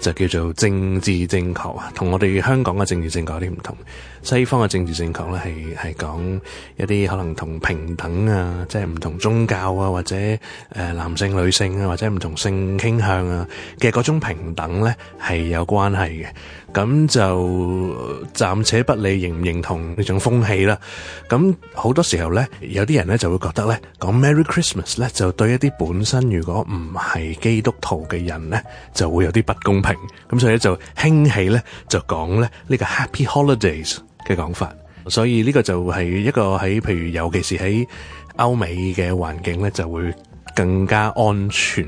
就叫做政治正確啊，同我哋香港嘅政治正確有啲唔同。西方嘅政治正確咧，係係講一啲可能同平等啊，即係唔同宗教啊，或者誒男性女性啊，或者唔同性傾向啊嘅嗰種平等咧，係有關係嘅。咁就暫且不理認唔認同呢種風氣啦。咁好多時候咧，有啲人咧就會覺得咧，講 Merry Christmas 咧，就對一啲本身如果唔係基督徒嘅人咧，就會有啲不公平。咁、嗯、所以咧就興起咧就講咧呢、呢個 Happy Holidays 嘅講法，所以呢、呢個就係一個喺譬如尤其是喺歐美嘅環境咧就會更加安全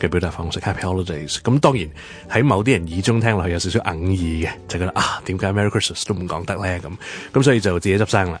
嘅表達方式 Happy Holidays。咁、嗯、當然喺某啲人耳中聽落去有少少哽耳嘅，就覺得啊，點解 Merry Christmas 都唔講得咧咁咁，所以就自己執生啦。